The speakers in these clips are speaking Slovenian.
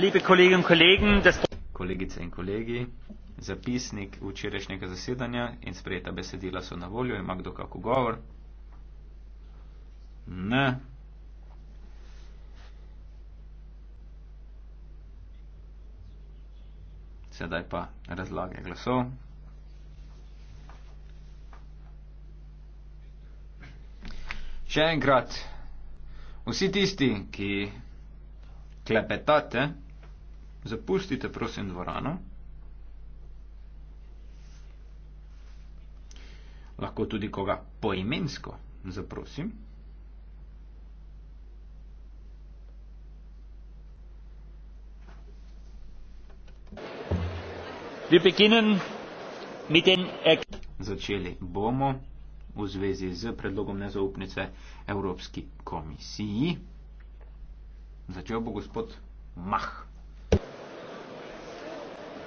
liebe Kolleginnen und Kollegen, das Kolegice in kolegi, zapisnik včerajšnjega zasedanja in sprejeta besedila so na voljo. Ima kdo kako govor? Ne. Sedaj pa razlage glasov. Še enkrat, vsi tisti, ki klepetate, Zapustite prosim dvorano. Lahko tudi koga poimensko zaprosim. Začeli bomo v zvezi z predlogom nezaupnice Evropski komisiji. Začel bo gospod Mah.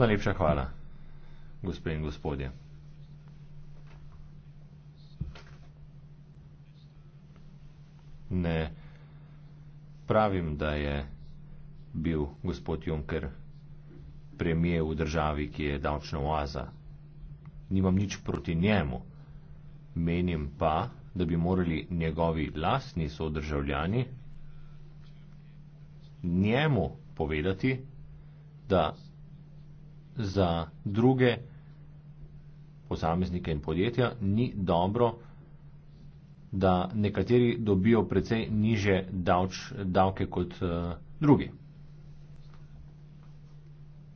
Najlepša hvala, gospe in gospodje. Ne pravim, da je bil gospod Juncker premije v državi, ki je davčna oaza. Nimam nič proti njemu. Menim pa, da bi morali njegovi lastni sodržavljani njemu povedati, da za druge posameznike in podjetja, ni dobro, da nekateri dobijo precej niže davč, davke kot uh, drugi.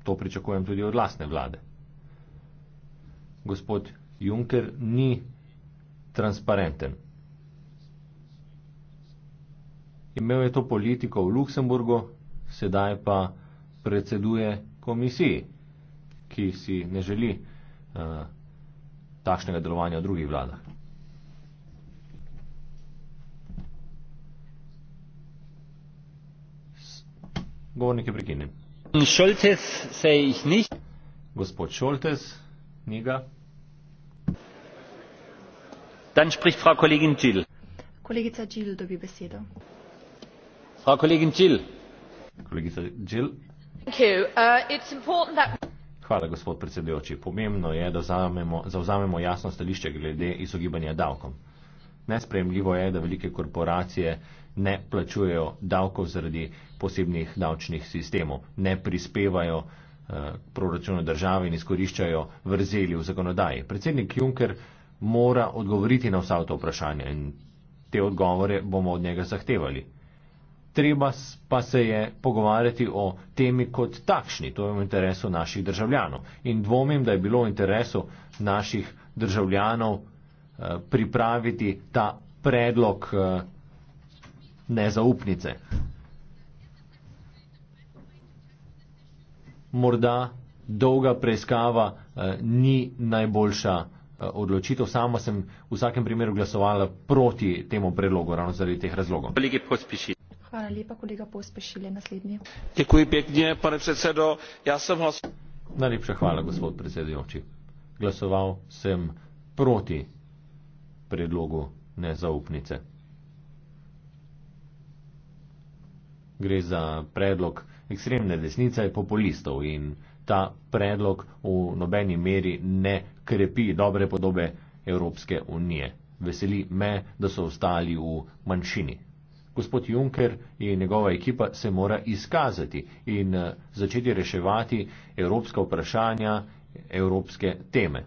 To pričakujem tudi od lastne vlade. Gospod Juncker ni transparenten. Imel je to politiko v Luksemburgu, sedaj pa predseduje komisiji ki si ne želi uh, takšnega delovanja v drugih vladah. Govornik je prekinjen. Gospod Šoltes, njega. Dan sprich frau kolegin Čil. Kolegica Čil dobi besedo. Frau kolegin Čil. Kolegica Čil. Thank you. Uh, it's important that... Hvala, gospod predsedujoči. Pomembno je, da zavzamemo, zavzamemo jasno stališče glede izogibanja davkom. Nespremljivo je, da velike korporacije ne plačujejo davkov zaradi posebnih davčnih sistemov, ne prispevajo eh, proračunu države in izkoriščajo vrzeli v zakonodaji. Predsednik Juncker mora odgovoriti na vsa ta vprašanja in te odgovore bomo od njega zahtevali treba pa se je pogovarjati o temi kot takšni, to je v interesu naših državljanov. In dvomim, da je bilo v interesu naših državljanov eh, pripraviti ta predlog eh, nezaupnice. Morda dolga preiskava eh, ni najboljša odločitev. Sama sem v vsakem primeru glasovala proti temu predlogu, ravno zaradi teh razlogov. Kolegi, najlepša hvala gospod predsedujoči glasoval sem proti predlogu nezaupnice gre za predlog ekstremne desnice populistov in ta predlog v nobeni meri ne krepi dobre podobe evropske unije veseli me da so ostali v manjšini gospod Juncker in njegova ekipa se mora izkazati in eh, začeti reševati evropska vprašanja, evropske teme.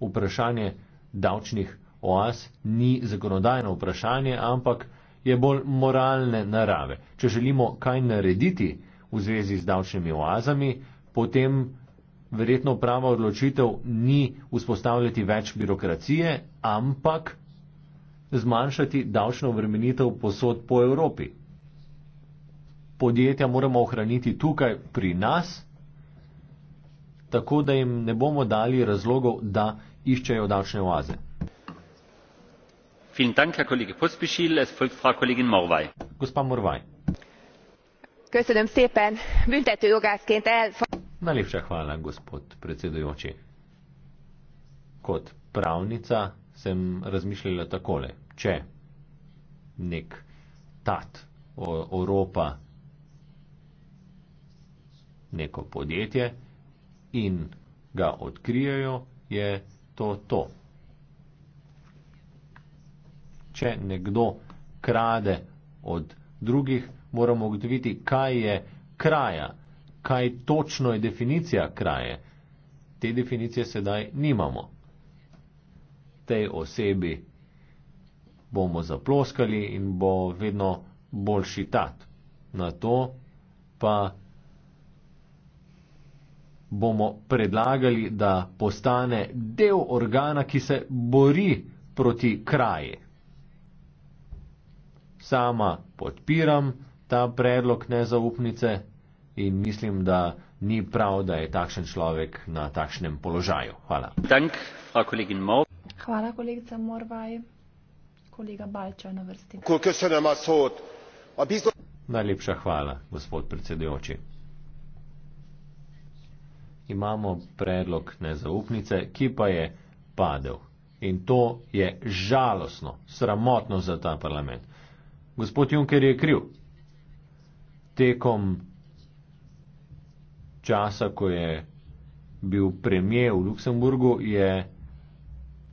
Vprašanje davčnih oas ni zakonodajno vprašanje, ampak je bolj moralne narave. Če želimo kaj narediti v zvezi z davčnimi oazami, potem verjetno prava odločitev ni vzpostavljati več birokracije, ampak zmanjšati davčno vremenitev posod po Evropi. Podjetja moramo ohraniti tukaj pri nas, tako da jim ne bomo dali razlogov, da iščejo davčne oaze. Gospa Morvaj. Köszönöm szépen, büntető jogászként el... Najlepša hvala, gospod predsedujoči. Kot pravnica sem razmišljala takole. Če nek tat oropa neko podjetje in ga odkrijejo, je to to. Če nekdo krade od drugih, moramo ugotoviti, kaj je kraja, kaj točno je definicija kraje. Te definicije sedaj nimamo tej osebi bomo zaploskali in bo vedno boljši tat. Na to pa bomo predlagali, da postane del organa, ki se bori proti kraji. Sama podpiram ta predlog nezaupnice in mislim, da ni prav, da je takšen človek na takšnem položaju. Hvala. Dank, Hvala, kolegica Morvaj. Kolega Balča na vrsti. Koliko se nama sod? Bizno... Najlepša hvala, gospod predsedujoči. Imamo predlog nezaupnice, ki pa je padel. In to je žalostno, sramotno za ta parlament. Gospod Juncker je kriv. Tekom časa, ko je bil premijer v Luksemburgu, je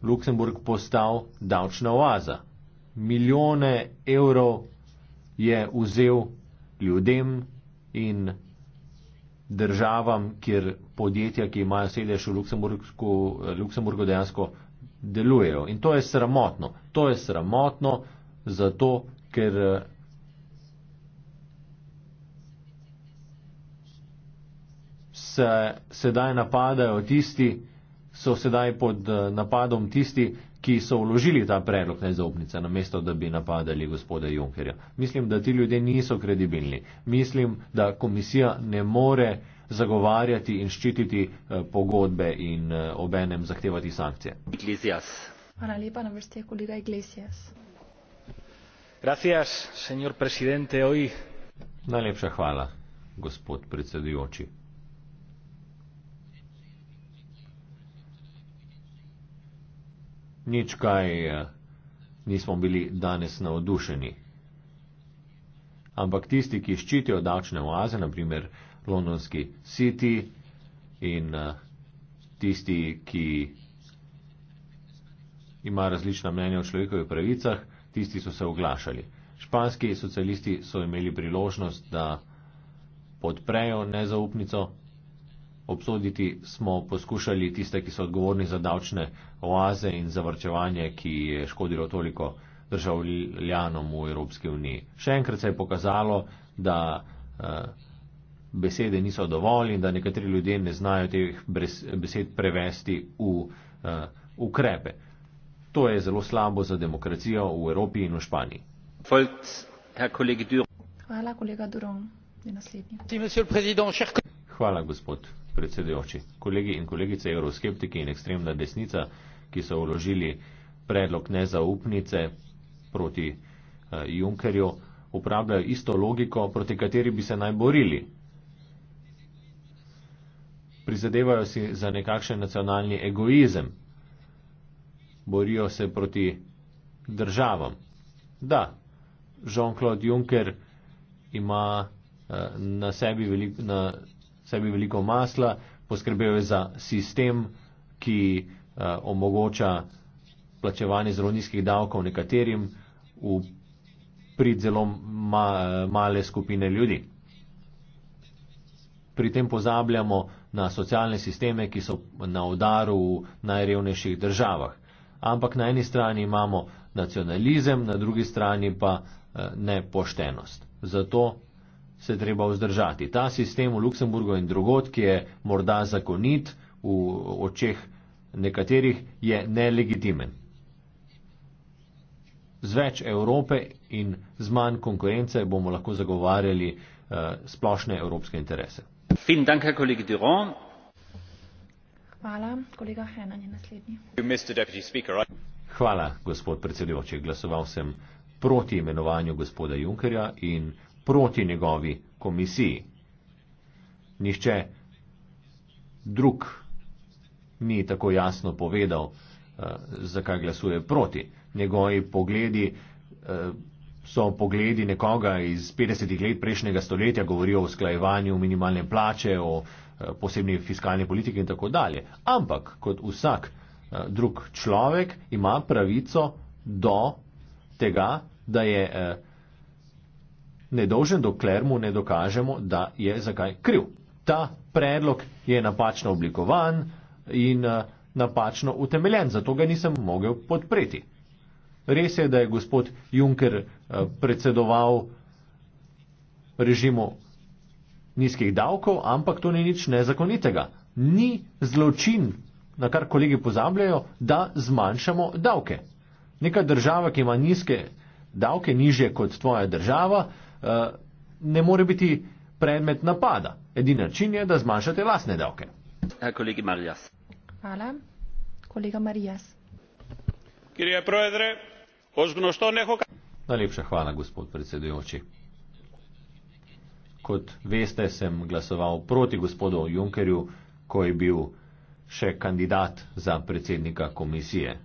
Luksemburg postal davčna oaza. Milijone evrov je vzel ljudem in državam, kjer podjetja, ki imajo sedež v Luksemburgu, dejansko delujejo. In to je sramotno. To je sramotno zato, ker. Se sedaj napadajo tisti, so sedaj pod eh, napadom tisti, ki so vložili ta predlog nezaupnice, namesto da bi napadali gospoda Junkerja. Mislim, da ti ljudje niso kredibilni. Mislim, da komisija ne more zagovarjati in ščititi eh, pogodbe in eh, obenem zahtevati sankcije. Iglesias. Hvala lepa na vrsti, kolega Iglesias. Gracias, señor presidente, hoy. Najlepša hvala, gospod predsedujoči. nič kaj eh, nismo bili danes navdušeni. Ampak tisti, ki ščitijo davčne oaze, naprimer londonski City in eh, tisti, ki ima različna mnenja o človekovih pravicah, tisti so se oglašali. Španski socialisti so imeli priložnost, da podprejo nezaupnico obsoditi smo poskušali tiste, ki so odgovorni za davčne oaze in zavrčevanje, ki je škodilo toliko državljanom v Evropski uniji. Še enkrat se je pokazalo, da eh, besede niso dovolj in da nekateri ljudje ne znajo teh besed prevesti v eh, ukrepe. To je zelo slabo za demokracijo v Evropi in v Španiji. Hvala, kolega Duron. Hvala, gospod predsedujoči. Kolegi in kolegice euroskeptiki in ekstremna desnica, ki so uložili predlog nezaupnice proti uh, Junkerju, uporabljajo isto logiko, proti kateri bi se naj borili. Prizadevajo si za nekakšen nacionalni egoizem. Borijo se proti državam. Da, Jean-Claude Juncker ima eh, na sebi veliko, na sebi veliko masla, poskrbel je za sistem, ki uh, omogoča plačevanje zelo nizkih davkov nekaterim v prid zelo ma, eh, male skupine ljudi. Pri tem pozabljamo na socialne sisteme, ki so na udaru v najrevnejših državah. Ampak na eni strani imamo nacionalizem, na drugi strani pa eh, nepoštenost. Zato se je treba vzdržati. Ta sistem v Luksemburgu in drugot, ki je morda zakonit v očeh nekaterih, je nelegitimen. Z več Evrope in z manj konkurence bomo lahko zagovarjali uh, splošne evropske interese. Danke, Hvala, kolega Henan je naslednji. Speaker, right? Hvala, gospod predsedujoči. Glasoval sem proti imenovanju gospoda Junkerja in proti njegovi komisiji. Nihče drug ni tako jasno povedal, eh, zakaj glasuje proti. Njegovi pogledi eh, so pogledi nekoga iz 50 let prejšnjega stoletja, govorijo o sklajevanju minimalne plače, o eh, posebni fiskalni politiki in tako dalje. Ampak kot vsak drug človek ima pravico do tega, da je eh, nedolžen, dokler mu ne dokažemo, da je zakaj kriv. Ta predlog je napačno oblikovan in eh, napačno utemeljen, zato ga nisem mogel podpreti. Res je, da je gospod Juncker eh, predsedoval režimu nizkih davkov, ampak to ni nič nezakonitega. Ni zločin, na kar kolegi pozabljajo, da zmanjšamo davke. Neka država, ki ima nizke davke, nižje kot tvoja država, Eh, ne more biti predmet napada. Edini način je, da zmanjšate lasne davke. Eh, kolegi Marijas. Hvala. Kolega Marijas. Kirje provedre, ozgno što nekoga. Najlepša hvala, gospod predsedujoči. Kot veste, sem glasoval proti gospodu Junkerju, ko je bil še kandidat za predsednika komisije.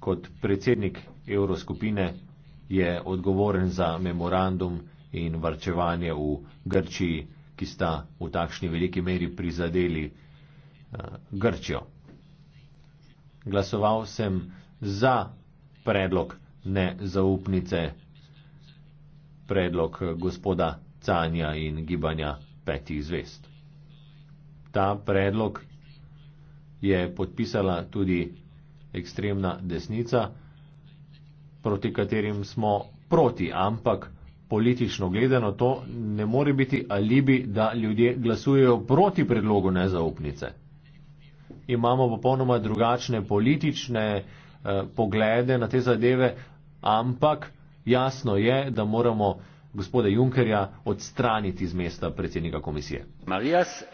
Kot predsednik Evroskupine je odgovoren za memorandum in varčevanje v Grčiji, ki sta v takšni veliki meri prizadeli eh, Grčijo. Glasoval sem za predlog nezaupnice, predlog eh, gospoda Canja in gibanja petih zvest. Ta predlog je podpisala tudi ekstremna desnica, proti katerim smo proti, ampak politično gledano to ne more biti alibi, da ljudje glasujejo proti predlogu nezaupnice. Imamo popolnoma drugačne politične eh, poglede na te zadeve, ampak jasno je, da moramo gospoda Junkerja odstraniti z mesta predsednika komisije. Marijas,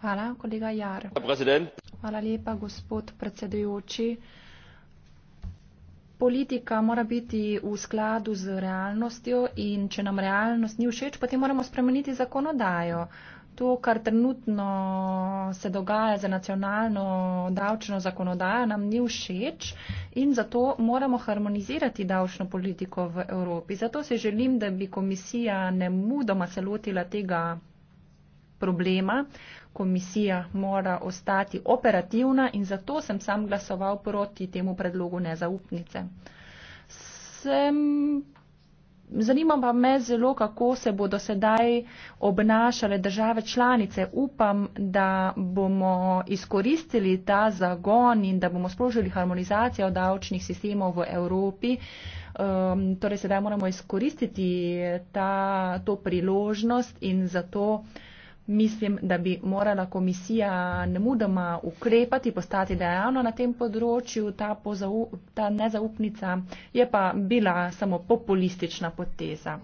Hvala, kolega Jar. Hvala lepa, gospod predsedujoči politika mora biti v skladu z realnostjo in če nam realnost ni všeč, potem moramo spremeniti zakonodajo. To, kar trenutno se dogaja za nacionalno davčno zakonodajo, nam ni všeč in zato moramo harmonizirati davčno politiko v Evropi. Zato se želim, da bi komisija ne mudoma se lotila tega problema, komisija mora ostati operativna in zato sem sam glasoval proti temu predlogu nezaupnice. Sem, zanima pa me zelo, kako se bodo sedaj obnašale države članice. Upam, da bomo izkoristili ta zagon in da bomo sprožili harmonizacijo davčnih sistemov v Evropi. Um, torej sedaj moramo izkoristiti ta, to priložnost in zato mislim, da bi morala komisija nemudoma ukrepati, postati dejavna na tem področju. Ta, pozau, ta nezaupnica je pa bila samo populistična poteza.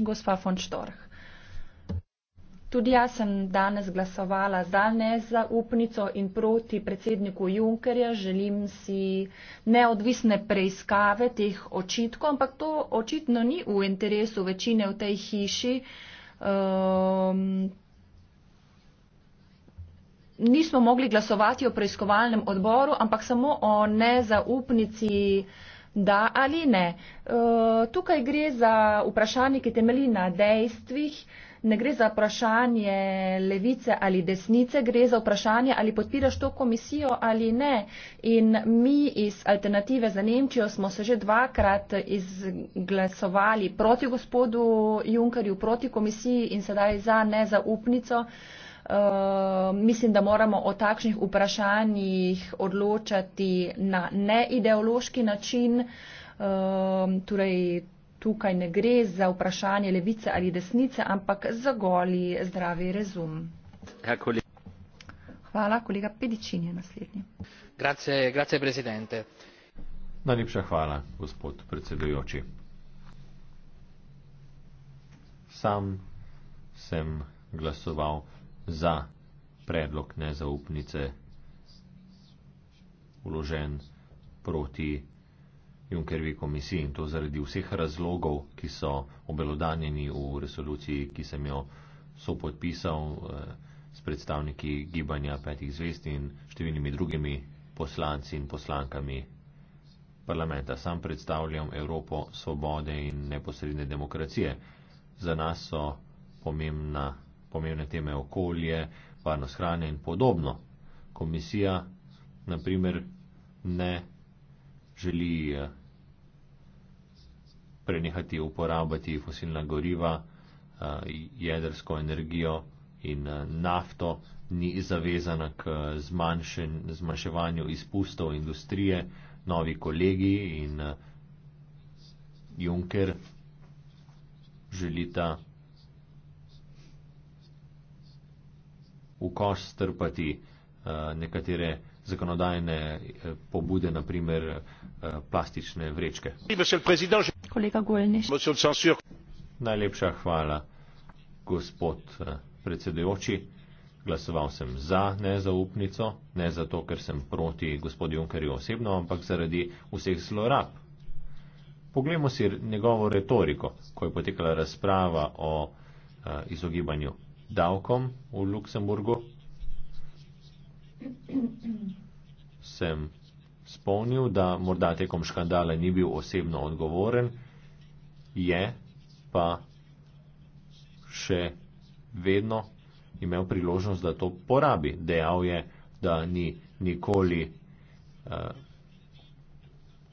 Gospa von Storch. Tudi jaz sem danes glasovala za nezaupnico in proti predsedniku Junkerja. Želim si neodvisne preiskave teh očitkov, ampak to očitno ni v interesu večine v tej hiši. Um, nismo mogli glasovati o preiskovalnem odboru, ampak samo o nezaupnici, da ali ne. E, tukaj gre za vprašanje, ki temeli na dejstvih. Ne gre za vprašanje levice ali desnice, gre za vprašanje, ali podpiraš to komisijo ali ne. In mi iz Alternative za Nemčijo smo se že dvakrat izglasovali proti gospodu Junkerju, proti komisiji in sedaj za nezaupnico. Uh, Uh, mislim, da moramo o takšnih vprašanjih odločati na neideološki način. Uh, torej tukaj ne gre za vprašanje levice ali desnice, ampak za goli zdravi razum. Ja, kolega. Hvala, kolega Pedičin je naslednji. Grazie, grazie, presidente. Najlepša hvala, gospod predsedujoči. Sam sem glasoval za predlog nezaupnice uložen proti Junkerovi komisiji in to zaradi vseh razlogov, ki so obelodanjeni v resoluciji, ki sem jo so podpisal eh, s predstavniki gibanja petih zvest in številnimi drugimi poslanci in poslankami parlamenta. Sam predstavljam Evropo svobode in neposredne demokracije. Za nas so pomembna pomembne teme okolje, varnost hrane in podobno. Komisija, naprimer, ne želi eh, prenehati uporabljati fosilna goriva, eh, jedrsko energijo in eh, nafto, ni zavezana k zmanjšen, zmanjševanju izpustov industrije, novi kolegi in Junker želita v koš strpati eh, nekatere zakonodajne eh, pobude, naprimer eh, plastične vrečke. Kolega Gojniš. Najlepša hvala, gospod predsedujoči. Glasoval sem za nezaupnico, ne zato, ker sem proti gospodu Junkerju osebno, ampak zaradi vseh zlorab. Poglejmo si njegovo retoriko, ko je potekala razprava o izogibanju davkom v Luksemburgu, sem spomnil, da morda tekom škandala ni bil osebno odgovoren, je pa še vedno imel priložnost, da to porabi. Dejal je, da ni nikoli uh,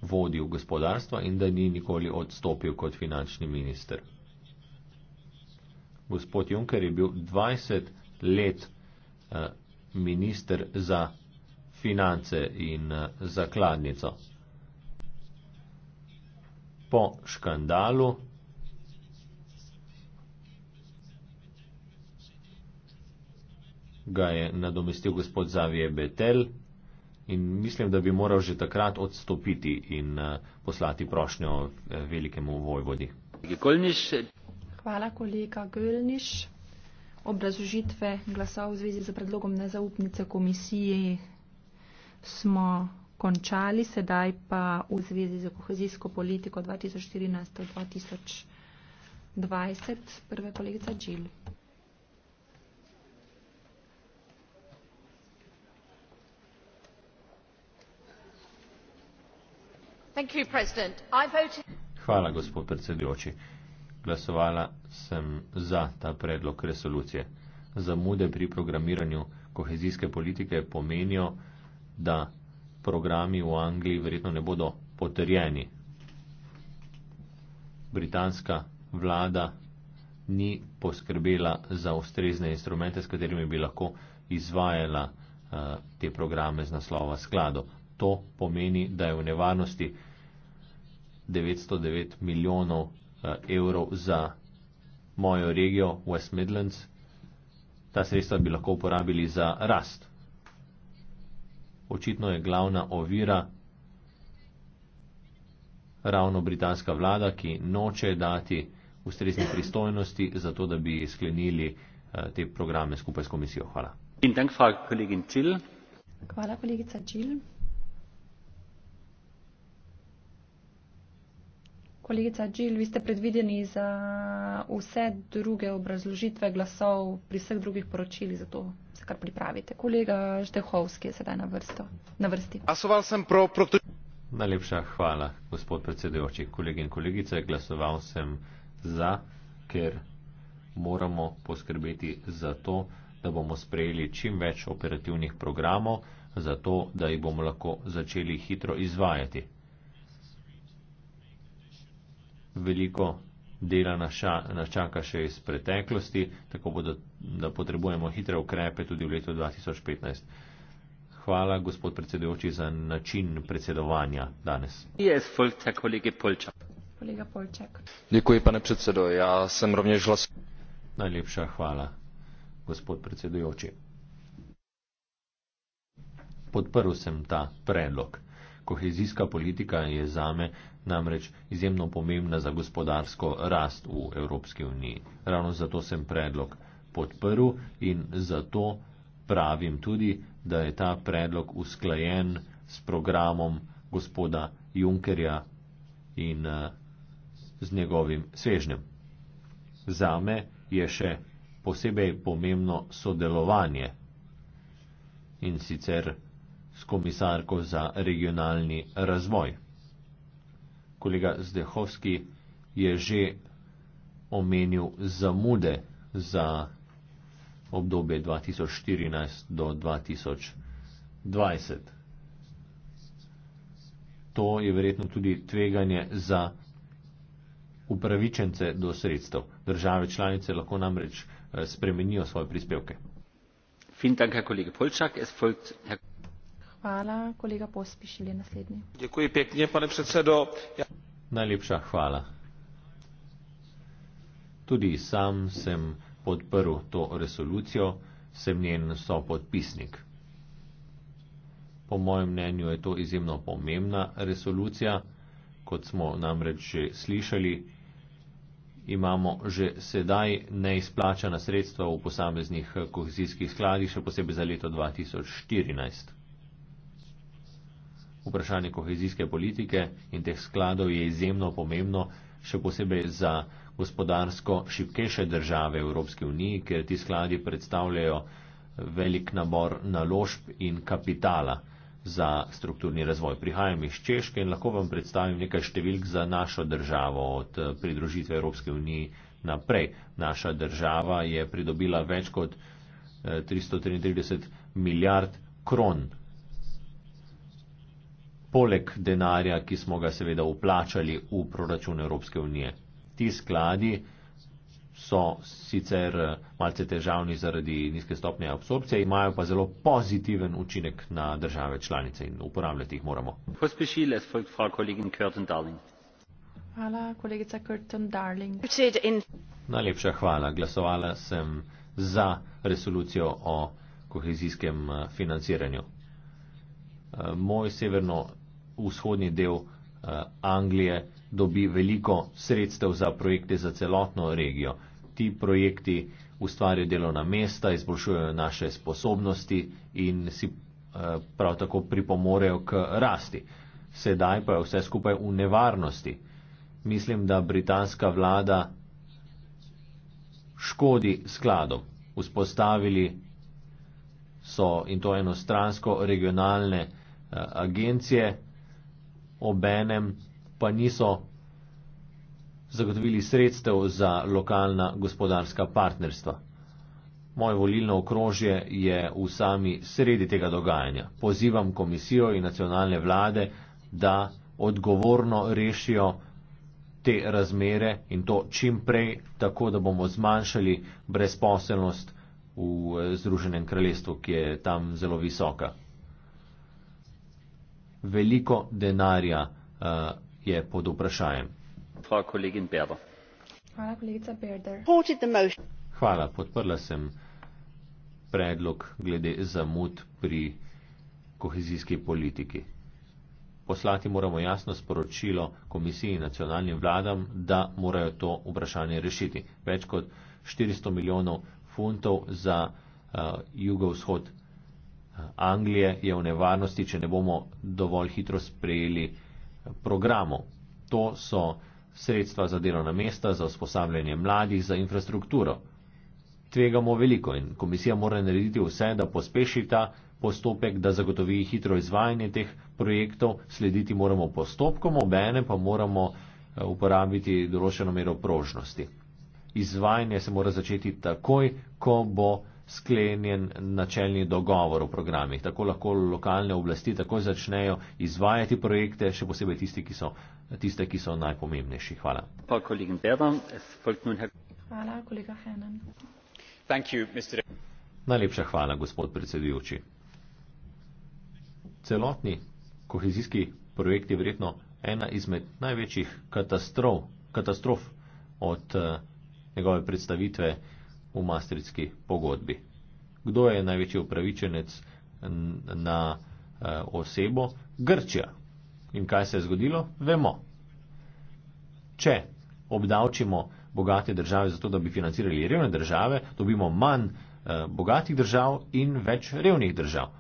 vodil gospodarstva in da ni nikoli odstopil kot finančni minister gospod Juncker je bil 20 let eh, minister za finance in eh, zakladnico. Po škandalu ga je nadomestil gospod Zavije Betel in mislim, da bi moral že takrat odstopiti in eh, poslati prošnjo velikemu vojvodi. Hvala, kolega Gölniš. Obrazožitve glasov v zvezi z predlogom nezaupnice komisiji smo končali, sedaj pa v zvezi z kohezijsko politiko 2014-2020. Prva kolegica Džil. Hvala, gospod predsedujoči glasovala sem za ta predlog resolucije. Zamude pri programiranju kohezijske politike pomenijo, da programi v Angliji verjetno ne bodo potrjeni. Britanska vlada ni poskrbela za ustrezne instrumente, s katerimi bi lahko izvajala uh, te programe z naslova sklado. To pomeni, da je v nevarnosti 909 milijonov Eh, evrov za mojo regijo West Midlands. Ta sredstva bi lahko uporabili za rast. Očitno je glavna ovira ravno britanska vlada, ki noče dati ustrezni pristojnosti za to, da bi sklenili eh, te programe skupaj s komisijo. Hvala. Hvala, kolegica Čil. Kolegica Džil, vi ste predvideni za vse druge obrazložitve glasov pri vseh drugih poročili, zato se kar pripravite. Kolega Štehovski je sedaj na, vrsto, na vrsti. Glasoval sem pro proti. Najlepša hvala, gospod predsedujoči, kolegi in kolegice. Glasoval sem za, ker moramo poskrbeti za to, da bomo sprejeli čim več operativnih programov, zato da jih bomo lahko začeli hitro izvajati veliko dela nas čaka še iz preteklosti, tako bodo, da potrebujemo hitre ukrepe tudi v letu 2015. Hvala, gospod predsedujoči, za način predsedovanja danes. Yes, Fulte, kolege Polčak. Kolega Polčak. Děkuji, pane predsedo, ja sem rovnež hlas. Najlepša hvala, gospod predsedujoči. Podprl sem ta predlog. Kohezijska politika je zame namreč izjemno pomembna za gospodarsko rast v Evropski uniji. Ravno zato sem predlog podprl in zato pravim tudi, da je ta predlog usklajen s programom gospoda Junkerja in eh, z njegovim svežnjem. Zame je še posebej pomembno sodelovanje in sicer s komisarko za regionalni razvoj. Kolega Zdehovski je že omenil zamude za obdobje 2014 do 2020. To je verjetno tudi tveganje za upravičence do sredstev. Države članice lahko namreč eh, spremenijo svoje prispevke. Fin, danke, kolega Polčak. Es folgt, Herr Najlepša hvala. Tudi sam sem podprl to resolucijo, sem njen sopodpisnik. Po mojem mnenju je to izjemno pomembna resolucija, kot smo namreč že slišali, imamo že sedaj neizplačana sredstva v posameznih kohezijskih skladih, še posebej za leto 2014. Vprašanje kohezijske politike in teh skladov je izjemno pomembno, še posebej za gospodarsko šipkejše države Evropske unije, ker ti skladi predstavljajo velik nabor naložb in kapitala za strukturni razvoj. Prihajam iz Češke in lahko vam predstavim nekaj številk za našo državo od eh, pridružitve Evropske unije naprej. Naša država je pridobila več kot 333 eh, milijard kron poleg denarja, ki smo ga seveda uplačali v proračun Evropske unije. Ti skladi so sicer eh, malce težavni zaradi nizke stopnje absorpcije, imajo pa zelo pozitiven učinek na države članice in uporabljati jih moramo. Hvala, kolegica Curtin Darling. Najlepša hvala. Glasovala sem za resolucijo o kohezijskem eh, financiranju. Eh, moj severno vzhodni del eh, Anglije dobi veliko sredstev za projekte za celotno regijo. Ti projekti ustvarjajo delovna mesta, izboljšujejo naše sposobnosti in si eh, prav tako pripomorejo k rasti. Sedaj pa je vse skupaj v nevarnosti. Mislim, da britanska vlada škodi skladom. Vzpostavili so in to enostransko regionalne eh, agencije, obenem pa niso zagotovili sredstev za lokalna gospodarska partnerstva. Moje volilno okrožje je v sami sredi tega dogajanja. Pozivam komisijo in nacionalne vlade, da odgovorno rešijo te razmere in to čim prej, tako da bomo zmanjšali brezposelnost v Združenem kraljestvu, ki je tam zelo visoka veliko denarja uh, je pod vprašanjem. Hvala, kolegin Berber. Hvala, kolegica Berder. Hvala, podprla sem predlog glede zamud pri kohezijski politiki. Poslati moramo jasno sporočilo komisiji in nacionalnim vladam, da morajo to vprašanje rešiti. Več kot 400 milijonov funtov za uh, jugovzhod Anglije je v nevarnosti, če ne bomo dovolj hitro sprejeli eh, programov. To so sredstva za delovna mesta, za usposabljanje mladih, za infrastrukturo. Tvegamo veliko in komisija mora narediti vse, da pospeši ta postopek, da zagotovi hitro izvajanje teh projektov, slediti moramo postopkom, obene pa moramo eh, uporabiti določeno mero prožnosti. Izvajanje se mora začeti takoj, ko bo sklenjen načelni dogovor o programih. Tako lahko lokalne oblasti takoj začnejo izvajati projekte, še posebej tisti, ki so, tiste, ki so najpomembnejši. Hvala. Hvala, kolega Henan. Najlepša hvala, gospod predsedujoči. Celotni kohezijski projekt je verjetno ena izmed največjih katastrof, katastrof od uh, njegove predstavitve uh, v Maastrichtski pogodbi. Kdo je največji upravičenec na eh, osebo? Grčija. In kaj se je zgodilo? Vemo. Če obdavčimo bogate države zato, da bi financirali revne države, dobimo manj eh, bogatih držav in več revnih držav.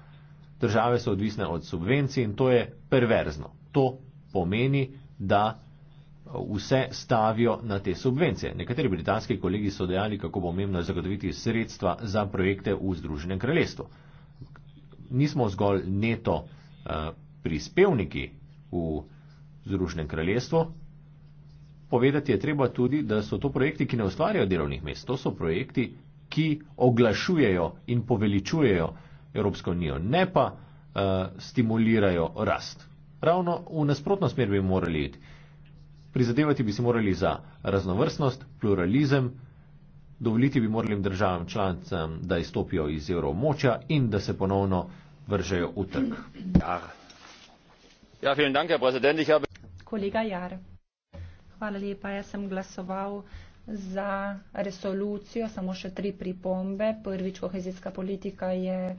Države so odvisne od subvencij in to je perverzno. To pomeni, da vse stavijo na te subvencije. Nekateri britanski kolegi so dejali, kako pomembno je zagotoviti sredstva za projekte v Združenem kraljestvu. Nismo zgolj neto uh, prispevniki v Združenem kraljestvu. Povedati je treba tudi, da so to projekti, ki ne ustvarjajo delovnih mest. To so projekti, ki oglašujejo in poveličujejo Evropsko unijo, ne pa uh, stimulirajo rast. Ravno v nasprotno smer bi morali iti prizadevati bi se morali za raznovrstnost, pluralizem, dovoliti bi morali državam članicam, da izstopijo iz evromoča in da se ponovno vržejo v trg. Ja, dank, Herr habe... Kolega Jar, hvala lepa. Jaz sem glasoval za resolucijo, samo še tri pripombe. Prvič, kohezijska politika je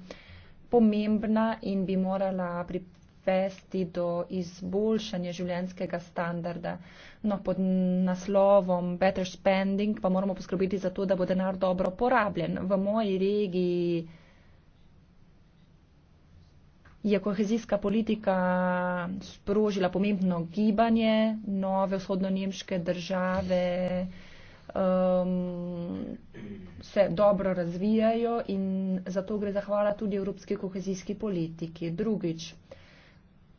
pomembna in bi morala pripraviti vesti do izboljšanja življenskega standarda. No, pod naslovom Better Spending pa moramo poskrbeti za to, da bo denar dobro porabljen. V moji regiji je kohezijska politika sprožila pomembno gibanje nove vzhodno-nemške države. Um, se dobro razvijajo in zato gre zahvala tudi evropski kohezijski politiki. Drugič,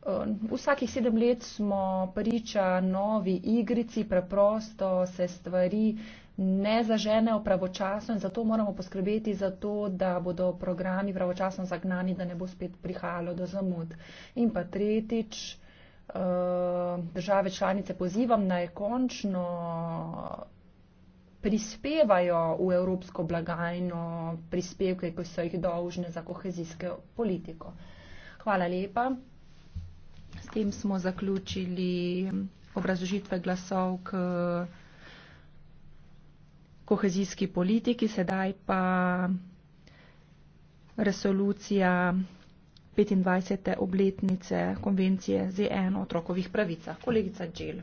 Ehm, vsakih sedem let smo priča novi igrici, preprosto se stvari ne zaženejo pravočasno in zato moramo poskrbeti za to, da bodo programi pravočasno zagnani, da ne bo spet prihajalo do zamud. In pa tretjič, ehm, države članice pozivam naj končno prispevajo v evropsko blagajno prispevke, ki so jih dolžne za kohezijsko politiko. Hvala lepa. S tem smo zaključili obrazožitve glasov k kohezijski politiki, sedaj pa resolucija 25. obletnice konvencije ZN o otrokovih pravicah. Kolegica Džel.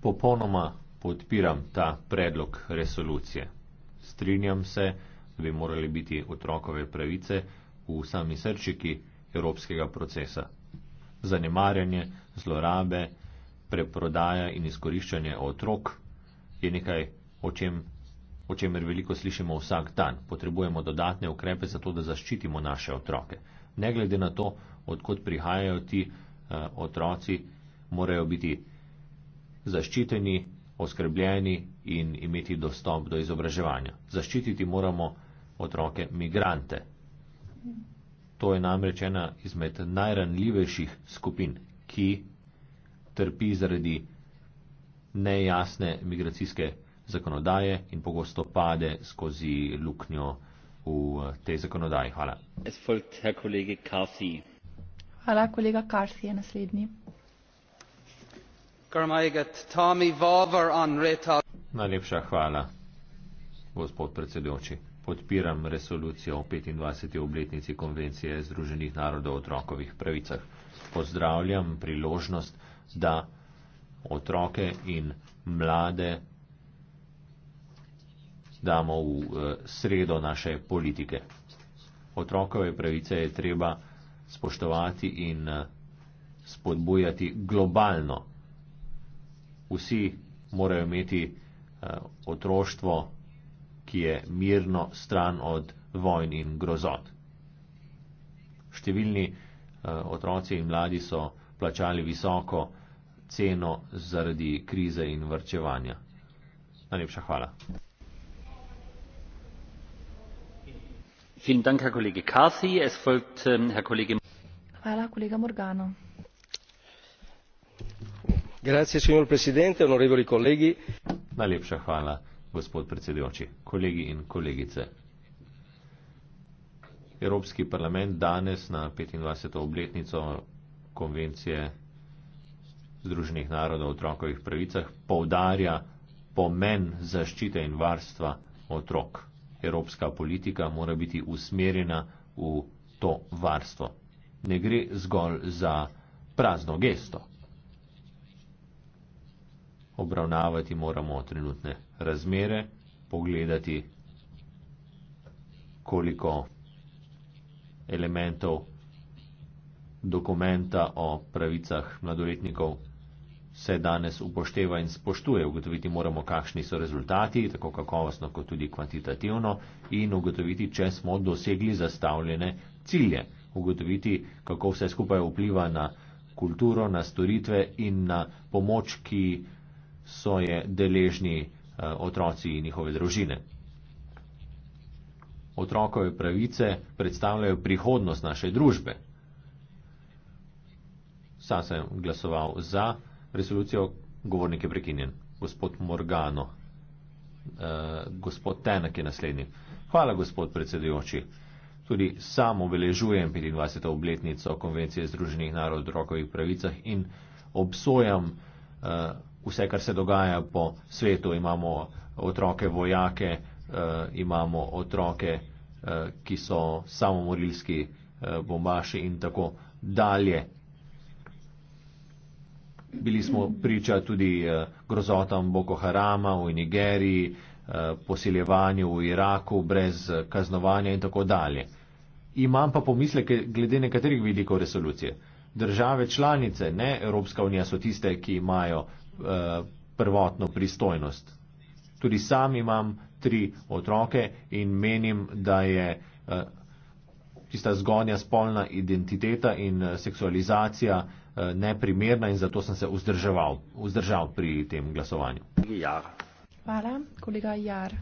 Popolnoma podpiram ta predlog resolucije. Strinjam se, da bi morali biti otrokove pravice v sami srčiki evropskega procesa. Zanemarjanje, zlorabe, preprodaja in izkoriščanje otrok je nekaj, o čem, o čemer veliko slišimo vsak dan. Potrebujemo dodatne ukrepe za to, da zaščitimo naše otroke. Ne glede na to, odkot prihajajo ti uh, otroci, morajo biti zaščiteni, oskrbljeni in imeti dostop do izobraževanja. Zaščititi moramo otroke migrante. Thank you. To je namreč ena izmed najranljivejših skupin, ki trpi zaradi nejasne migracijske zakonodaje in pogosto pade skozi luknjo v eh, tej zakonodaji. Hvala. Hvala, kolega Karsi je naslednji. Najlepša hvala, gospod predsedujoči podpiram resolucijo o 25. obletnici Konvencije Združenih narodov o otrokovih pravicah. Pozdravljam priložnost, da otroke in mlade damo v eh, sredo naše politike. Otrokove pravice je treba spoštovati in eh, spodbujati globalno. Vsi morajo imeti eh, otroštvo, ki je mirno stran od vojn in grozot. Številni eh, otroci in mladi so plačali visoko ceno zaradi krize in vrčevanja. Najlepša hvala. Ähm, hvala, kolega Morgano. Grazie, signor Presidente, onorevoli colleghi. Najlepša hvala gospod predsedujoči, kolegi in kolegice. Evropski parlament danes na 25. obletnico konvencije Združenih narodov o otrokovih pravicah povdarja pomen zaščite in varstva otrok. Evropska politika mora biti usmerjena v to varstvo. Ne gre zgolj za prazno gesto obravnavati moramo trenutne razmere, pogledati, koliko elementov dokumenta o pravicah mladoletnikov se danes upošteva in spoštuje. Ugotoviti moramo, kakšni so rezultati, tako kakovostno kot tudi kvantitativno, in ugotoviti, če smo dosegli zastavljene cilje. Ugotoviti, kako vse skupaj vpliva na kulturo, na storitve in na pomoč, ki so je deležni eh, otroci in njihove družine. Otrokove pravice predstavljajo prihodnost naše družbe. Sam sem glasoval za resolucijo, govornik je prekinjen. Gospod Morgano, eh, gospod Tenek je naslednji. Hvala, gospod predsedujoči. Tudi sam obeležujem 25. obletnico Konvencije Združenih narodov o otrokovih pravicah in obsojam eh, vse, kar se dogaja po svetu. Imamo otroke vojake, eh, imamo otroke, eh, ki so samomorilski eh, bombaši in tako dalje. Bili smo priča tudi grozotam Boko Harama v Nigeriji, posiljevanju v Iraku brez kaznovanja in tako dalje. Imam pa pomisleke glede nekaterih vidikov resolucije. Države članice, ne Evropska unija, so tiste, ki imajo Eh, prvotno pristojnost. Tudi sam imam tri otroke in menim, da je eh, tista zgodnja spolna identiteta in eh, seksualizacija neprimerna in zato sem se vzdrževal, vzdržal pri tem glasovanju. Hvala, kolega Jar.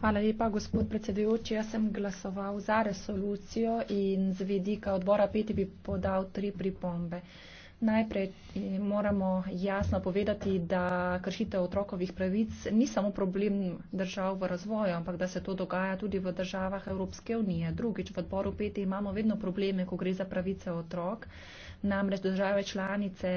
Hvala lepa, gospod predsedujoči. Jaz sem glasoval za resolucijo in z vidika odbora 5 bi podal tri pripombe. Uh, Najprej eh, moramo jasno povedati, da kršitev otrokovih pravic ni samo problem držav v razvoju, ampak da se to dogaja tudi v državah Evropske unije. Drugič, v odboru peti imamo vedno probleme, ko gre za pravice otrok. Namreč države članice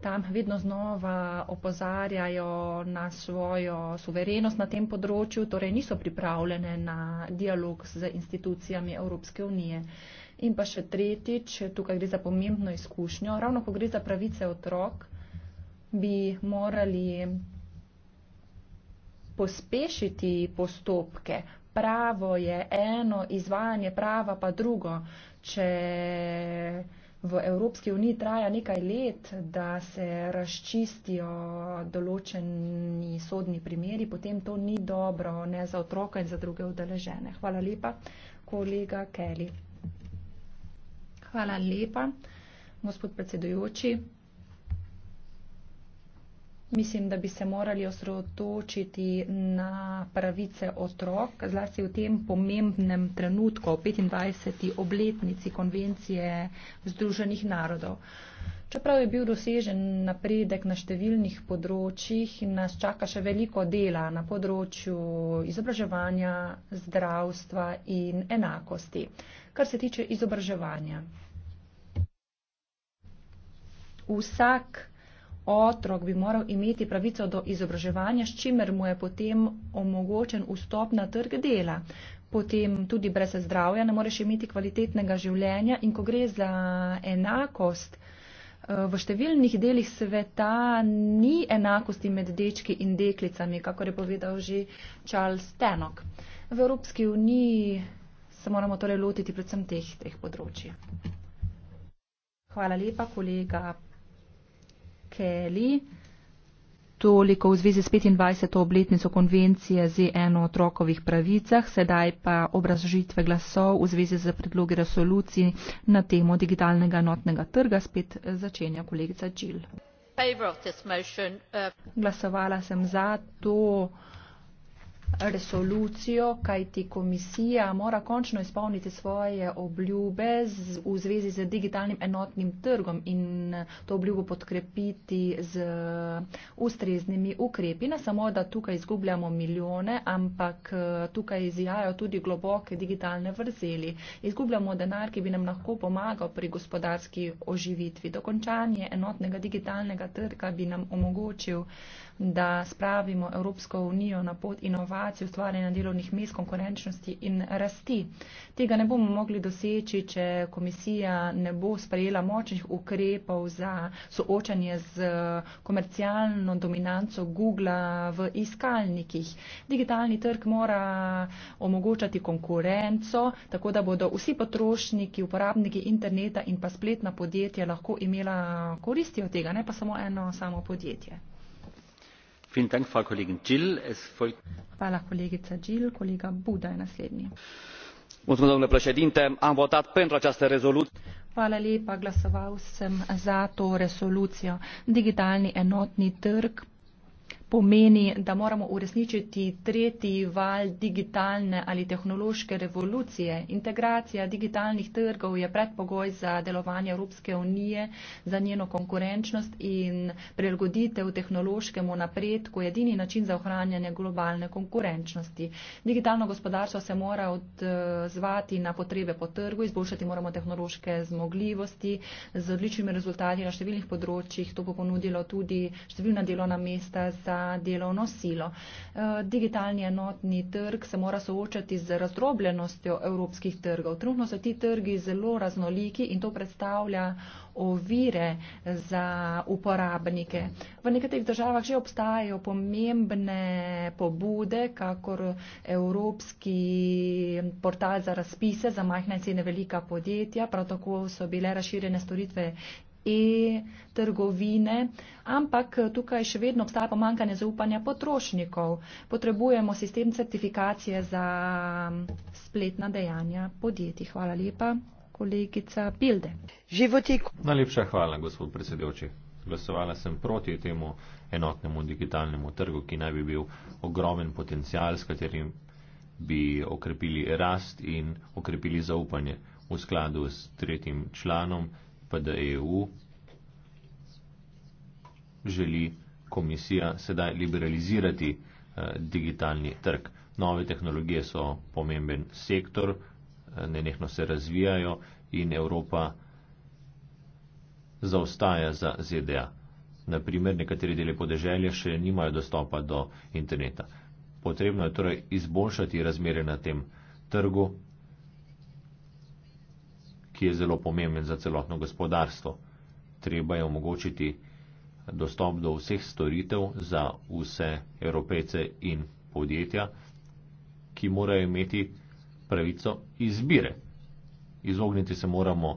tam vedno znova opozarjajo na svojo suverenost na tem področju, torej niso pripravljene na dialog z institucijami Evropske unije. In pa še tretjič, tukaj gre za pomembno izkušnjo. Ravno ko gre za pravice otrok, bi morali pospešiti postopke. Pravo je eno, izvajanje prava pa drugo. Če v Evropski uniji traja nekaj let, da se razčistijo določeni sodni primeri, potem to ni dobro ne za otroka in za druge udeležene. Hvala lepa, kolega Kelly. Hvala lepa, gospod predsedujoči. Mislim, da bi se morali osredotočiti na pravice otrok, zlasti v tem pomembnem trenutku, 25. obletnici konvencije Združenih narodov. Čeprav je bil dosežen napredek na številnih področjih, nas čaka še veliko dela na področju izobraževanja, zdravstva in enakosti. Kar se tiče izobraževanja. Vsak otrok bi moral imeti pravico do izobraževanja, s čimer mu je potem omogočen vstop na trg dela. Potem tudi brez zdravja ne moreš imeti kvalitetnega življenja in ko gre za enakost, eh, v številnih delih sveta ni enakosti med dečki in deklicami, kako je povedal že Charles Tenok. V Evropski uniji se moramo torej lotiti predvsem teh, teh področji. Hvala lepa, kolega Kelly. Toliko v zvezi s 25. obletnico konvencije ZN o otrokovih pravicah, sedaj pa obrazožitve glasov v zvezi z predlogi resolucij na temo digitalnega notnega trga spet eh, začenja kolegica Jill. Uh, Glasovala sem za to resolucijo, kajti komisija mora končno izpolniti svoje obljube v zvezi z digitalnim enotnim trgom in to obljubo podkrepiti z ustreznimi ukrepi. Ne samo, da tukaj izgubljamo milijone, ampak tukaj izjajo tudi globoke digitalne vrzeli. Izgubljamo denar, ki bi nam lahko pomagal pri gospodarski oživitvi. Dokončanje enotnega digitalnega trga bi nam omogočil da spravimo Evropsko unijo na pot inovacij, ustvarjanja delovnih mest, konkurenčnosti in rasti. Tega ne bomo mogli doseči, če komisija ne bo sprejela močnih ukrepov za soočanje z komercialno dominanco Google v iskalnikih. Digitalni trg mora omogočati konkurenco, tako da bodo vsi potrošniki, uporabniki interneta in pa spletna podjetja lahko imela koristi od tega, ne pa samo eno samo podjetje am votat pentru această rezoluție. digitalni enotni trg pentru energie este un proiect pe care îl susțin și îl voi susține pomeni, da moramo uresničiti tretji val digitalne ali tehnološke revolucije. Integracija digitalnih trgov je predpogoj za delovanje Evropske unije, za njeno konkurenčnost in prilagoditev tehnološkemu napredku je edini način za ohranjanje globalne konkurenčnosti. Digitalno gospodarstvo se mora odzvati na potrebe po trgu, izboljšati moramo tehnološke zmogljivosti z odličnimi rezultati na številnih področjih. To bo ponudilo tudi številna delovna mesta za delovno silo. Eh, digitalni enotni trg se mora soočati z razdrobljenostjo evropskih trgov. Trenutno so ti trgi zelo raznoliki in to predstavlja ovire za uporabnike. V nekaterih državah že obstajajo pomembne pobude, kakor Evropski portal za razpise za majhne in srednje velika podjetja, prav tako so bile razširjene storitve e-trgovine, ampak tukaj še vedno obstaja pomankanje zaupanja potrošnikov. Potrebujemo sistem certifikacije za spletna dejanja podjetij. Hvala lepa, kolegica Pilde. Životik. Najlepša hvala, gospod predsedujoči. Glasovala sem proti temu enotnemu digitalnemu trgu, ki naj bi bil ogromen potencial, s katerim bi okrepili rast in okrepili zaupanje v skladu s tretjim članom pa da EU želi komisija sedaj liberalizirati eh, digitalni trg. Nove tehnologije so pomemben sektor, eh, nenehno se razvijajo in Evropa zaostaja za ZDA. Naprimer, nekateri dele podeželja še nimajo dostopa do interneta. Potrebno je torej izboljšati razmere na tem trgu, ki je zelo pomemben za celotno gospodarstvo. Treba je omogočiti dostop do vseh storitev za vse evropejce in podjetja, ki morajo imeti pravico izbire. Izogniti se moramo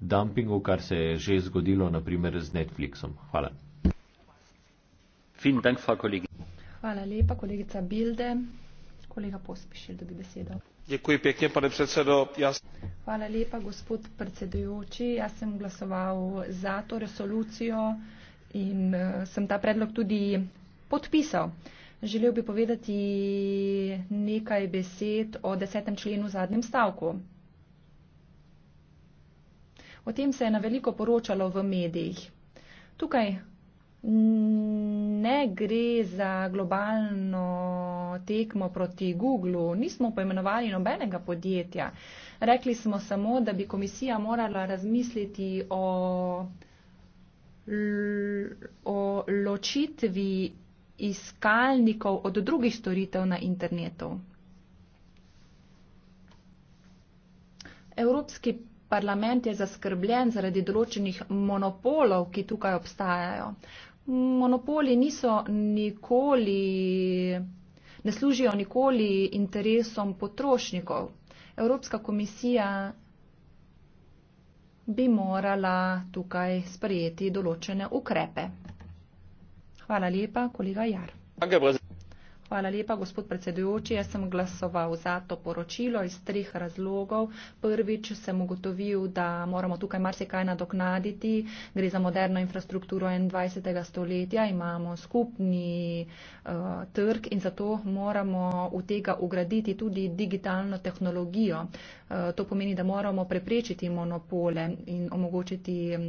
dumpingu, kar se je že zgodilo naprimer z Netflixom. Hvala. Hvala lepa, kolegica Bilde. Kolega Pospišil, da bi besedo pane predsedujoči jaz sem glasoval za to resolucijo in eh, sem ta predlog tudi podpisal. želel bi povedati nekaj besed o desetem členu v zadnjem stavku. o tem se je na veliko poročalo v medijih. tukaj ne gre za globalno tekmo proti Google, nismo poimenovali nobenega podjetja. Rekli smo samo, da bi komisija morala razmisliti o, o ločitvi iskalnikov od drugih storitev na internetu. Evropski parlament je zaskrbljen zaradi določenih monopolov, ki tukaj obstajajo monopoli niso nikoli, ne služijo nikoli interesom potrošnikov. Evropska komisija bi morala tukaj sprejeti določene ukrepe. Hvala lepa, kolega Jar. Hvala lepa, gospod predsedujoči. Jaz sem glasoval za to poročilo iz treh razlogov. Prvič sem ugotovil, da moramo tukaj marsikaj nadoknaditi. Gre za moderno infrastrukturo 21. stoletja, imamo skupni uh, trg in zato moramo v tega ugraditi tudi digitalno tehnologijo. Uh, to pomeni, da moramo preprečiti monopole in omogočiti um,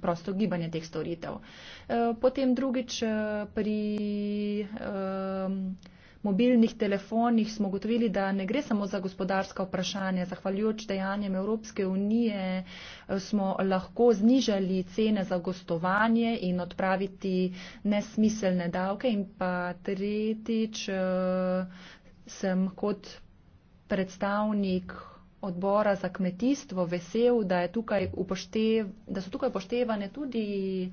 prosto gibanje teh storitev. Uh, potem drugič uh, pri. Uh, mobilnih telefonih smo gotovili, da ne gre samo za gospodarska vprašanja. Zahvaljujoč dejanjem Evropske unije eh, smo lahko znižali cene za gostovanje in odpraviti nesmiselne davke. In pa tretjič eh, sem kot predstavnik odbora za kmetijstvo vesel, da, je tukaj upoštev, da so tukaj upoštevane tudi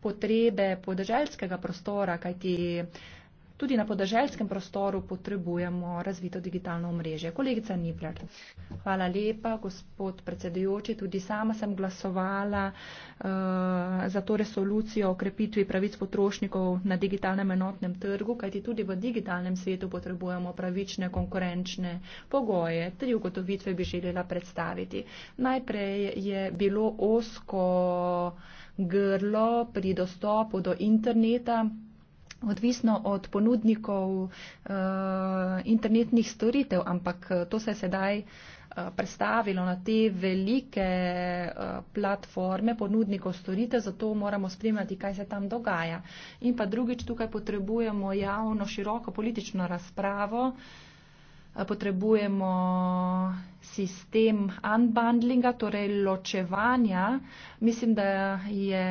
potrebe podeželskega prostora, kajti tudi na podeželskem prostoru potrebujemo razvito digitalno omrežje. Kolegica Nibler. Hvala lepa, gospod predsedujoči. Tudi sama sem glasovala uh, za to resolucijo o krepitvi pravic potrošnikov na digitalnem enotnem trgu, kajti tudi v digitalnem svetu potrebujemo pravične konkurenčne pogoje. Tri ugotovitve bi želela predstaviti. Najprej je bilo osko grlo pri dostopu do interneta odvisno od ponudnikov uh, internetnih storitev, ampak eh, to se je sedaj eh, predstavilo na te velike platforme ponudnikov storitev, zato moramo spremljati, kaj se tam dogaja. In pa drugič, tukaj potrebujemo javno, široko politično razpravo, potrebujemo sistem unbundlinga, torej ločevanja. Mislim, da je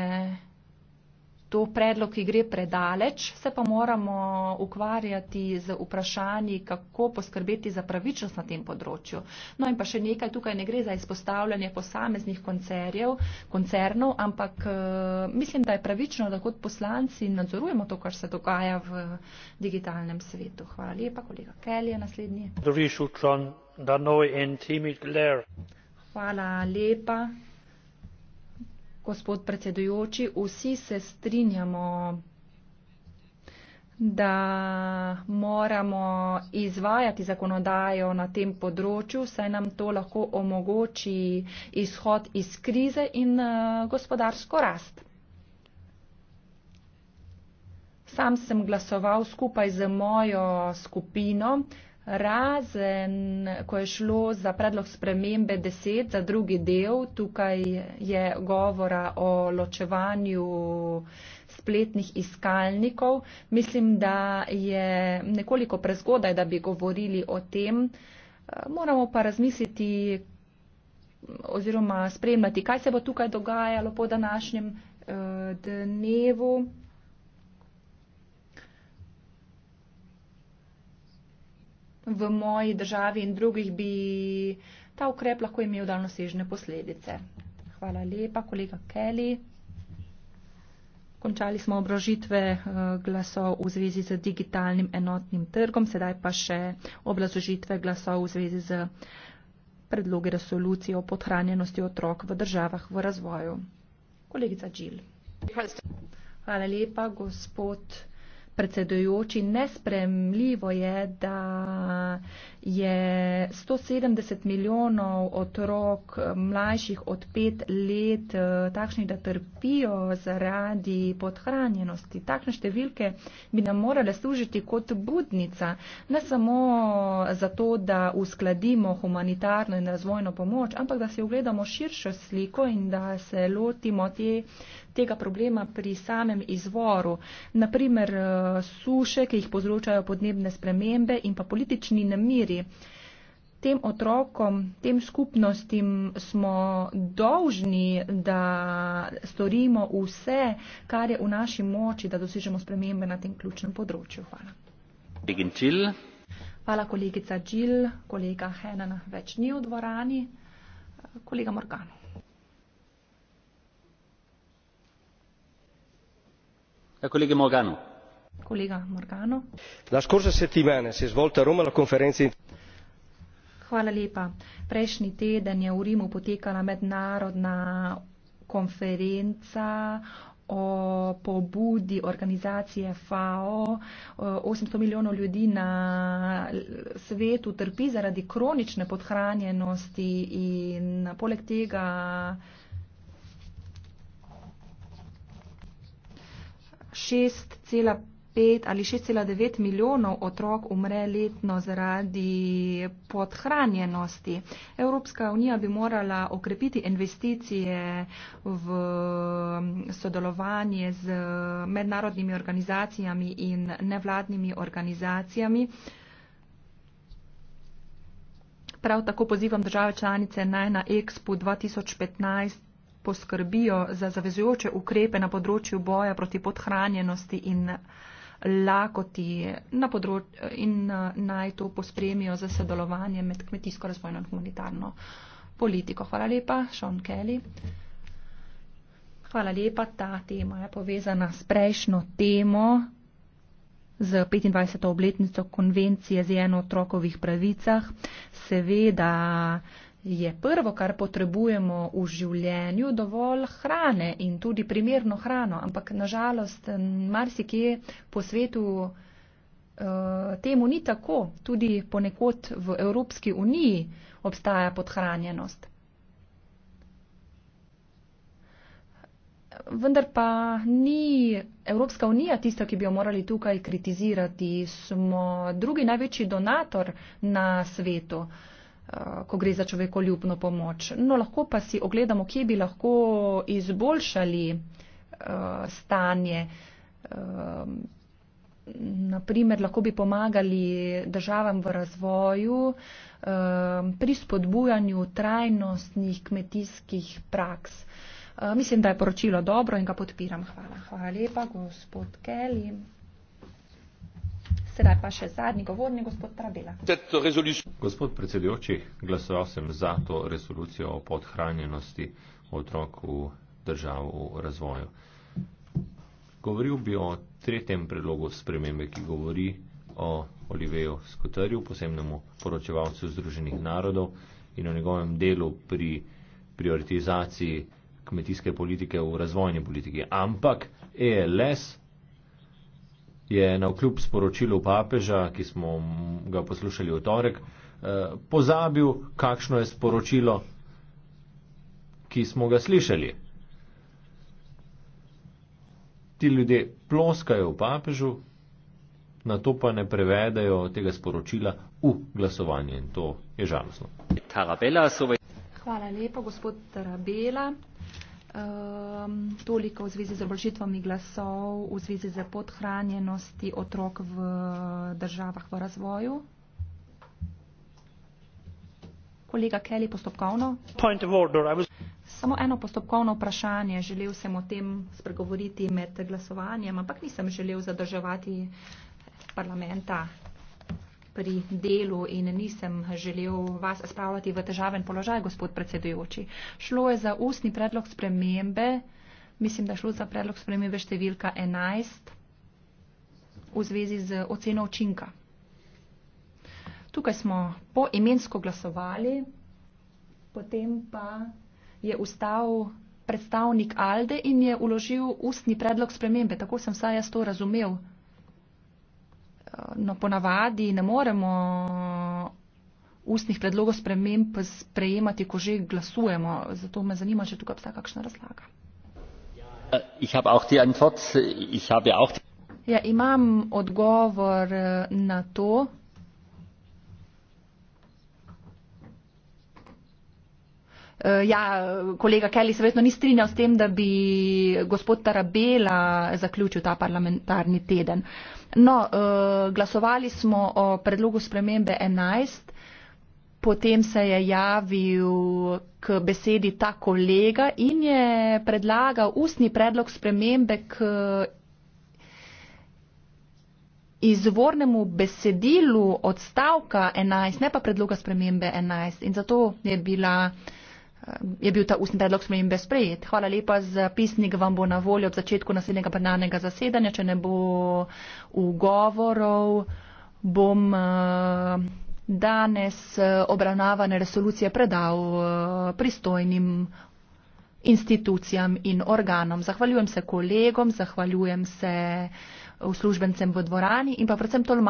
to predlog, ki gre predaleč, se pa moramo ukvarjati z vprašanji, kako poskrbeti za pravičnost na tem področju. No in pa še nekaj, tukaj ne gre za izpostavljanje posameznih koncernov, ampak eh, mislim, da je pravično, da kot poslanci nadzorujemo to, kar se dogaja v digitalnem svetu. Hvala lepa, kolega Kelly, naslednji. Hvala lepa. Gospod predsedujoči, vsi se strinjamo, da moramo izvajati zakonodajo na tem področju, saj nam to lahko omogoči izhod iz krize in eh, gospodarsko rast. Sam sem glasoval skupaj z mojo skupino, Razen, ko je šlo za predlog spremembe 10 za drugi del, tukaj je govora o ločevanju spletnih iskalnikov. Mislim, da je nekoliko prezgodaj, da bi govorili o tem. Moramo pa razmisliti oziroma spremljati, kaj se bo tukaj dogajalo po današnjem eh, dnevu. v moji državi in drugih bi ta ukrep lahko imel daljnosežne posledice. Hvala lepa, kolega Kelly. Končali smo obrožitve eh, glasov v zvezi z digitalnim enotnim trgom, sedaj pa še obrazožitve glasov v zvezi z predloge resolucije o podhranjenosti otrok v državah v razvoju. Kolegica Džil. Hvala lepa, gospod predsedujoči, nespremljivo je, da je 170 milijonov otrok eh, mlajših od pet let eh, takšnih, da trpijo zaradi podhranjenosti. Takšne številke bi nam morale služiti kot budnica, ne samo zato, da uskladimo humanitarno in razvojno pomoč, ampak da si ogledamo širšo sliko in da se lotimo te tega problema pri samem izvoru. Naprimer, eh, suše, ki jih povzročajo podnebne spremembe in pa politični nemiri. Tem otrokom, tem skupnostim smo dolžni, da storimo vse, kar je v naši moči, da dosežemo spremembe na tem ključnem področju. Hvala. Hvala kolegica Džil, kolega Henana več ni v dvorani, kolega Morgan. Ja, kolega Morganu. La scorsa settimana si è svolta a Roma la conferenza in... Hvala lepa. Prejšnji teden je v Rimu potekala mednarodna konferenca o pobudi organizacije FAO. 800 milijonov ljudi na svetu trpi zaradi kronične podhranjenosti in poleg tega. Šest cela 5 ali 6,9 milijonov otrok umre letno zaradi podhranjenosti. Evropska unija bi morala okrepiti investicije v sodelovanje z mednarodnimi organizacijami in nevladnimi organizacijami. Prav tako pozivam države članice naj na Expo 2015 poskrbijo za zavezujoče ukrepe na področju boja proti podhranjenosti in lakoti na in eh, naj to pospremijo za sodelovanje med kmetijsko razvojno in humanitarno politiko. Hvala lepa, Sean Kelly. Hvala lepa, ta tema je povezana s prejšnjo temo z 25. obletnico konvencije z eno otrokovih pravicah. Seveda, je prvo, kar potrebujemo v življenju, dovolj hrane in tudi primerno hrano. Ampak nažalost, marsikje po svetu eh, temu ni tako. Tudi ponekod v Evropski uniji obstaja podhranjenost. Vendar pa ni Evropska unija tista, ki bi jo morali tukaj kritizirati. Smo drugi največji donator na svetu. Uh, Eh, ko gre za človekoljubno pomoč. No, lahko pa si ogledamo, kje bi lahko izboljšali eh, stanje. Eh, Naprimer, lahko bi pomagali državam v razvoju pri spodbujanju trajnostnih kmetijskih praks. Mislim, da je poročilo dobro in ga podpiram. Hvala. Hvala lepa, gospod Kelly. Sedaj pa še zadnji govornik, gospod Trabela. Gospod predsedujoči, glasoval sem za to resolucijo o podhranjenosti otrok v državu v razvoju. Govoril bi o tretjem predlogu spremembe, ki govori o Oliveju Skotarju, posebnemu poročevalcu Združenih narodov in o njegovem delu pri prioritizaciji kmetijske politike v razvojni politiki. Ampak ELS je na vkljub sporočilu papeža, ki smo ga poslušali v torek, Eh, pozabil, kakšno je sporočilo, ki smo ga slišali. Ti ljudje ploskajo v papežu, na to pa ne prevedajo tega sporočila v glasovanje in to je žalostno. Hvala lepa, gospod Tarabela. Um, ehm, toliko v zvezi z obrožitvami glasov, v zvezi z podhranjenosti otrok v državah v razvoju. Kolega Kelly, postopkovno. Samo eno postopkovno vprašanje. Želel sem o tem spregovoriti med glasovanjem, ampak nisem želel zadrževati parlamenta pri delu in nisem želel vas spravljati v težaven položaj, gospod predsedujoči. Šlo je za ustni predlog spremembe, mislim, da šlo za predlog spremembe številka 11 v zvezi z oceno učinka. Tukaj smo poimensko glasovali, potem pa je ustal predstavnik Alde in je uložil ustni predlog spremembe. Tako sem vsaj jaz to razumel. No, ponavadi ne moremo ustnih predlogov sprememb sprejemati, ko že glasujemo. Zato me zanima, če tukaj obstaja kakšna razlaga. Ja, ja imam odgovor eh, na to. Eh, ja, kolega Kelly se verjetno ni strinjal s tem, da bi gospod Tarabela zaključil ta parlamentarni teden. No, eh, glasovali smo o predlogu spremembe 11. Potem se je javil k besedi ta kolega in je predlagal ustni predlog spremembe k izvornemu besedilu odstavka 11, ne pa predloga spremembe 11. In zato je bila uh, je bil ta ustni predlog smejim bez sprejet. Hvala lepa za pisnik, vam bo na voljo ob začetku naslednjega plenarnega zasedanja. Če ne bo ugovorov, bom eh, danes eh, obravnavane resolucije predal eh, pristojnim institucijam in organom. Zahvaljujem se kolegom, zahvaljujem se uslužbencem v dvorani in pa predvsem tolmačem.